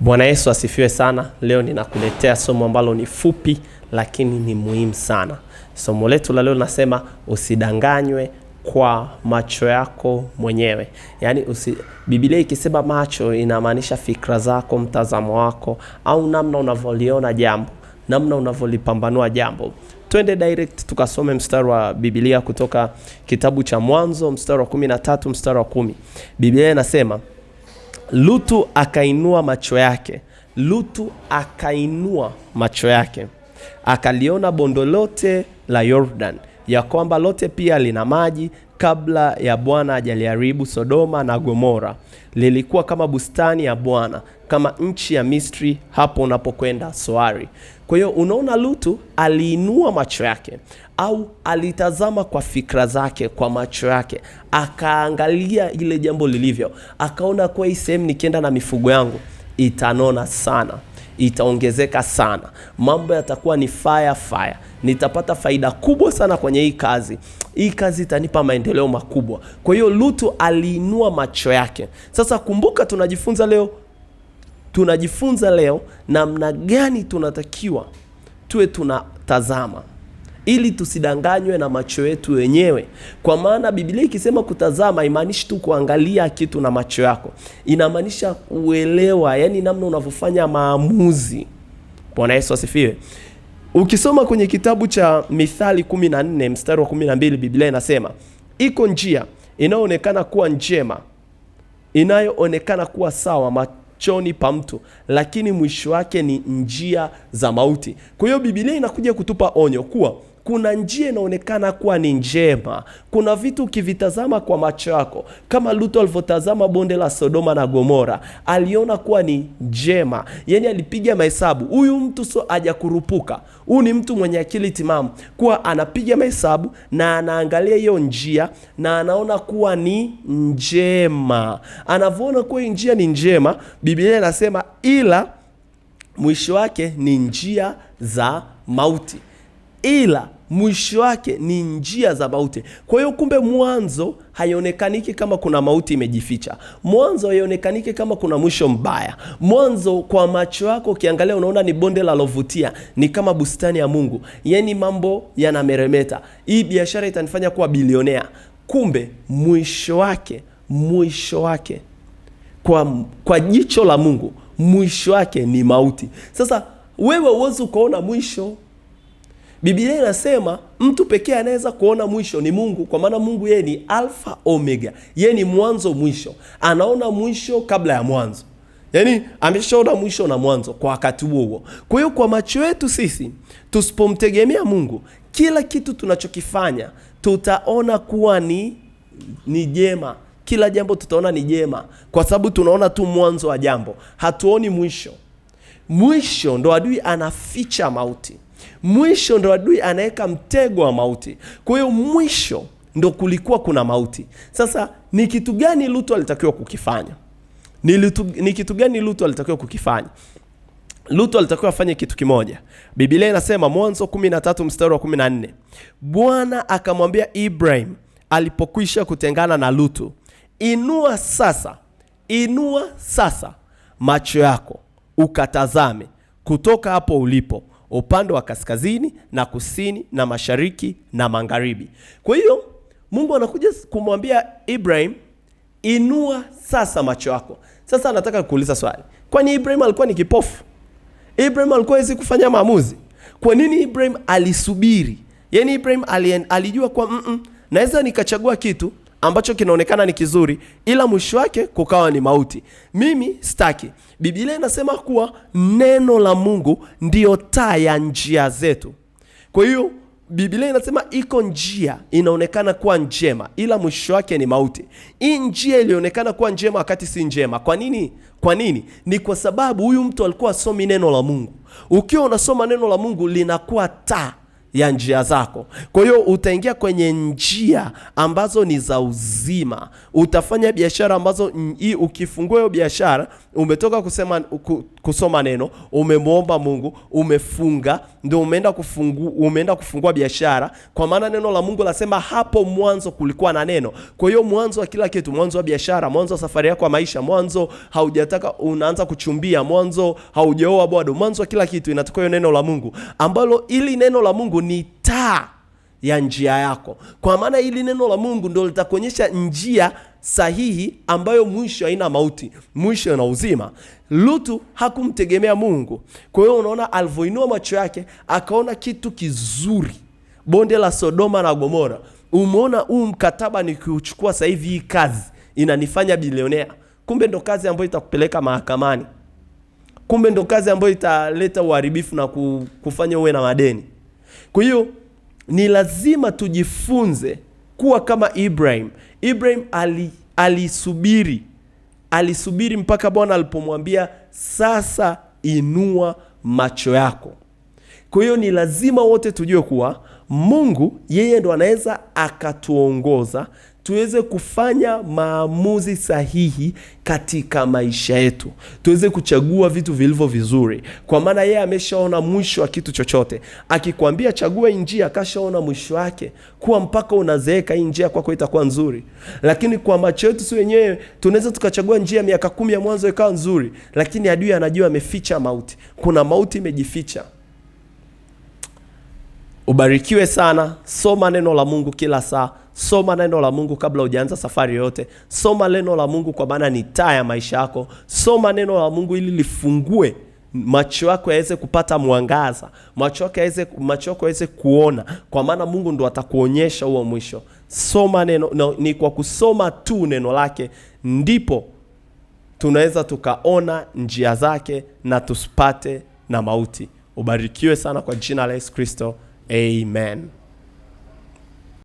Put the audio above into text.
Bwana Yesu asifiwe sana. Leo ninakuletea somo ambalo ni fupi lakini ni muhimu sana. Somo letu la leo linasema usidanganywe kwa macho yako mwenyewe. Yaani usi, Biblia ikisema macho inamaanisha fikra zako, mtazamo wako au namna unavyoliona jambo, namna unavyolipambanua jambo. Twende direct tukasome mstari wa Biblia kutoka kitabu cha Mwanzo mstari wa 13 mstari wa kumi. Biblia inasema Lutu akainua macho yake, Lutu akainua macho yake, akaliona bonde lote la Yordan, ya kwamba lote pia lina maji, kabla ya Bwana ajaliharibu Sodoma na Gomora. Lilikuwa kama bustani ya Bwana, kama nchi ya Misri, hapo unapokwenda Soari. Kwa hiyo unaona, Lutu aliinua macho yake, au alitazama kwa fikra zake, kwa macho yake, akaangalia ile jambo lilivyo, akaona kuwa hii sehemu nikienda na mifugo yangu itanona sana, itaongezeka sana, mambo yatakuwa ni fire fire, nitapata faida kubwa sana kwenye hii kazi, hii kazi itanipa maendeleo makubwa. Kwa hiyo Lutu aliinua macho yake. Sasa kumbuka, tunajifunza leo, tunajifunza leo namna gani tunatakiwa tuwe tunatazama ili tusidanganywe na macho yetu wenyewe, kwa maana Biblia ikisema kutazama, imaanishi tu kuangalia kitu na macho yako, inamaanisha kuelewa, yani namna unavyofanya maamuzi. Bwana Yesu asifiwe. Ukisoma kwenye kitabu cha Mithali 14 mstari wa 12, Biblia inasema iko njia inayoonekana kuwa njema, inayoonekana kuwa sawa machoni pa mtu, lakini mwisho wake ni njia za mauti. Kwa hiyo Biblia inakuja kutupa onyo kuwa kuna njia inaonekana kuwa ni njema. Kuna vitu ukivitazama kwa macho yako, kama Lutu alivyotazama bonde la Sodoma na Gomora, aliona kuwa ni njema. Yani alipiga mahesabu, huyu mtu so hajakurupuka, huyu ni mtu mwenye akili timamu, kuwa anapiga mahesabu na anaangalia hiyo njia na anaona kuwa ni njema. Anavyoona kuwa hii njia ni njema, Biblia inasema ila mwisho wake ni njia za mauti, ila mwisho wake ni njia za mauti. Kwa hiyo kumbe, mwanzo haionekaniki kama kuna mauti imejificha, mwanzo haionekaniki kama kuna mwisho mbaya. Mwanzo kwa macho yako ukiangalia, unaona ni bonde lalovutia, ni kama bustani ya Mungu, yaani mambo yanameremeta, hii biashara itanifanya kuwa bilionea. Kumbe mwisho wake, mwisho wake kwa, kwa jicho la Mungu mwisho wake ni mauti. Sasa wewe uwezi ukaona mwisho Biblia inasema mtu pekee anaweza kuona mwisho ni Mungu, kwa maana Mungu yeye ni alfa omega, yeye ni mwanzo mwisho, anaona mwisho kabla ya mwanzo, yaani ameshaona mwisho na mwanzo kwa wakati huo huo. Kwa hiyo kwa macho yetu sisi tusipomtegemea Mungu, kila kitu tunachokifanya tutaona kuwa ni ni jema kila jambo tutaona ni jema, kwa sababu tunaona tu mwanzo wa jambo, hatuoni mwisho. Mwisho ndo adui anaficha mauti. Mwisho ndo adui anaweka mtego wa mauti. Kwa hiyo mwisho ndo kulikuwa kuna mauti. Sasa ni kitu gani Lutu alitakiwa kukifanya? Ni kitu gani Lutu alitakiwa kukifanya? Lutu alitakiwa afanye kitu kimoja. Biblia inasema Mwanzo 13 mstari wa 14, Bwana akamwambia Ibrahim alipokwisha kutengana na Lutu, inua sasa, inua sasa macho yako ukatazame kutoka hapo ulipo upande wa kaskazini na kusini na mashariki na magharibi. Kwa hiyo Mungu anakuja kumwambia Ibrahim, inua sasa macho yako. Sasa anataka kuuliza swali, kwani Ibrahim alikuwa ni kipofu? Ibrahim alikuwa hawezi kufanya maamuzi? Kwa nini Ibrahim alisubiri? Yaani Ibrahim alien, alijua kwa mm -mm, naweza nikachagua kitu ambacho kinaonekana ni kizuri, ila mwisho wake kukawa ni mauti. Mimi staki. Biblia inasema kuwa neno la Mungu ndiyo taa ya njia zetu. Kwa hiyo Biblia inasema iko njia inaonekana kuwa njema, ila mwisho wake ni mauti. Hii njia ilionekana kuwa njema wakati si njema. Kwa nini? Kwa nini? Ni kwa sababu huyu mtu alikuwa asomi neno la Mungu. Ukiwa unasoma neno la Mungu linakuwa taa ya njia zako. Kwa hiyo utaingia kwenye njia ambazo ni za uzima, utafanya biashara ambazo hii, ukifungua hiyo biashara, umetoka kusema kusoma neno, umemwomba Mungu, umefunga ndio umeenda kufungu, umeenda kufungua biashara, kwa maana neno la Mungu lasema hapo mwanzo kulikuwa na neno. Kwa hiyo mwanzo wa kila kitu, mwanzo wa biashara, mwanzo wa safari yako ya maisha, mwanzo haujataka unaanza kuchumbia, mwanzo haujaoa bado, mwanzo wa kila kitu inatokayo neno la Mungu, ambalo ili neno la Mungu ni taa ya njia yako, kwa maana hili neno la Mungu ndio litakuonyesha njia sahihi ambayo mwisho haina mauti, mwisho na uzima. Lutu hakumtegemea Mungu, kwa hiyo unaona alivyoinua macho yake akaona kitu kizuri, bonde la Sodoma na Gomora. Umeona huu mkataba nikiuchukua sasa hivi, hii kazi inanifanya bilionea. Kumbe ndo kazi ambayo itakupeleka mahakamani, kumbe ndo kazi ambayo italeta uharibifu na kufanya uwe na madeni, kwa hiyo ni lazima tujifunze kuwa kama Ibrahim. Ibrahim ali, alisubiri alisubiri mpaka Bwana alipomwambia sasa inua macho yako. Kwa hiyo ni lazima wote tujue kuwa Mungu yeye ndo anaweza akatuongoza tuweze kufanya maamuzi sahihi katika maisha yetu, tuweze kuchagua vitu vilivyo vizuri, kwa maana yeye ameshaona mwisho wa kitu chochote. Akikwambia chagua hii njia, akashaona mwisho wake, kuwa mpaka unazeeka hii njia kwako kwa itakuwa nzuri. Lakini kwa macho yetu si wenyewe tunaweza tukachagua njia miaka kumi ya mwanzo ikawa nzuri, lakini adui anajua ameficha mauti, kuna mauti imejificha. Ubarikiwe sana. Soma neno la Mungu kila saa. Soma neno la Mungu kabla hujaanza safari yoyote. Soma neno la Mungu kwa maana ni taa ya maisha yako. Soma neno la Mungu ili lifungue macho yako yaweze kupata mwangaza, macho yako yaweze macho yako yaweze kuona, kwa maana Mungu ndo atakuonyesha huo mwisho. Soma neno no, ni kwa kusoma tu neno lake ndipo tunaweza tukaona njia zake na tusipate na mauti. Ubarikiwe sana kwa jina la Yesu Kristo. Amen